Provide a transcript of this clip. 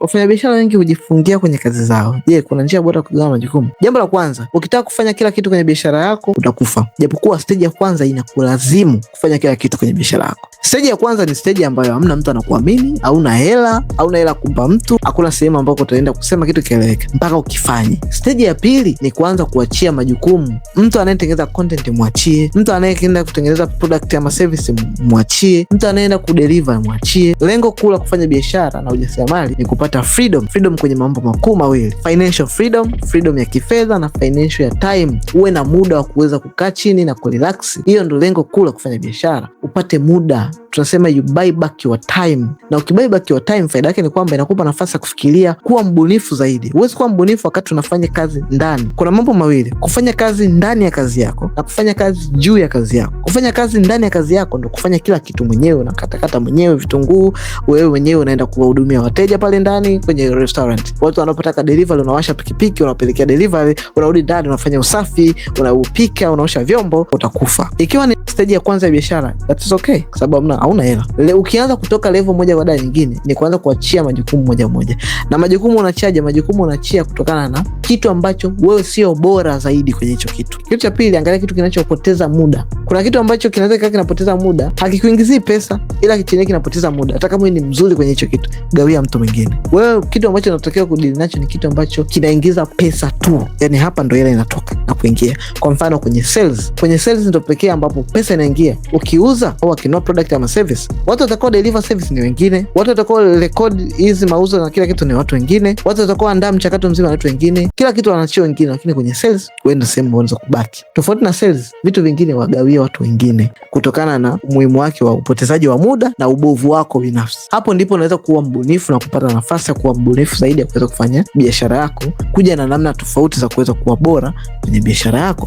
Wafanyabiashara wengi hujifungia kwenye kazi zao. Je, kuna njia bora ya kugawa majukumu? Jambo la kwanza, ukitaka kufanya kila kitu kwenye biashara yako utakufa, japokuwa steji ya kwanza inakulazimu kufanya kila kitu kwenye biashara yako. Stage ya kwanza ni stage ambayo hamna mtu anakuamini, hauna hela, hauna hela kumpa mtu, hakuna sehemu ambako utaenda kusema kitu kieleweke mpaka ukifanye. Stage ya pili ni kuanza kuachia majukumu. Mtu anayetengeneza content mwachie, mtu anayeenda kutengeneza product ama service mwachie, mtu anayeenda kudeliver mwachie. Lengo kuu la kufanya biashara na ujasiriamali ni kupata freedom, freedom kwenye mambo makuu mawili, financial freedom, freedom ya kifedha na financial ya time. Uwe na muda wa kuweza kukaa chini na kurelax. Hiyo ndio lengo kuu la kufanya biashara, upate muda tunasema you buy back your time. Na ukibuy back your time, faida yake ni kwamba inakupa nafasi ya kufikiria, kuwa mbunifu zaidi. Huwezi kuwa mbunifu wakati unafanya kazi ndani. Kuna mambo mawili, kufanya kazi ndani ya kazi yako na kufanya kazi juu ya kazi yako. Kufanya kazi ndani ya kazi yako ndo kufanya kila kitu mwenyewe, unakatakata mwenyewe vitunguu, wewe mwenyewe unaenda kuwahudumia wateja pale ndani kwenye restaurant, watu wanapotaka delivery, unawasha pikipiki, unawapelekea delivery, unarudi ndani, unafanya usafi, unaupika, unaosha vyombo, utakufa. Ikiwa ni steji ya kwanza ya biashara, that's okay, sababu amna hauna hela. Ukianza kutoka level moja baada ya nyingine, ni kuanza kuachia majukumu moja moja, na majukumu unachaja, majukumu unachia kutokana na kitu ambacho wewe sio bora zaidi kwenye hicho kitu. Kitu cha pili, angalia kitu kinachopoteza muda. Kuna kitu ambacho kinaweza kikawa kinapoteza muda, hakikuingizii pesa, ila chenyewe kinapoteza muda. Hata kama ni mzuri kwenye hicho kitu, gawia mtu mwingine. Wewe kitu ambacho unatakiwa kudili nacho ni kitu ambacho kinaingiza pesa tu, yani hapa ndo hela inatoka na kuingia. Kwa mfano kwenye sales, kwenye sales ndo pekee ambapo pesa inaingia. Ukiuza au akinua product ama service, watu watakuwa deliver service ni wengine, watu watakuwa record hizi mauzo na kila kitu ni watu wengine, watu watakuwa andaa mchakato mzima ni watu wengine, kila kitu wanachio wengine. Lakini kwenye sales wewe sehemu unaweza kubaki. Tofauti na sales, vitu vingine wagawie watu wengine, kutokana na umuhimu wake wa upotezaji wa muda na ubovu wako binafsi. Hapo ndipo unaweza kuwa mbunifu na kupata nafasi ya kuwa mbunifu zaidi ya kuweza kufanya biashara yako, kuja na namna tofauti za kuweza kuwa bora kwenye kwenye biashara yako.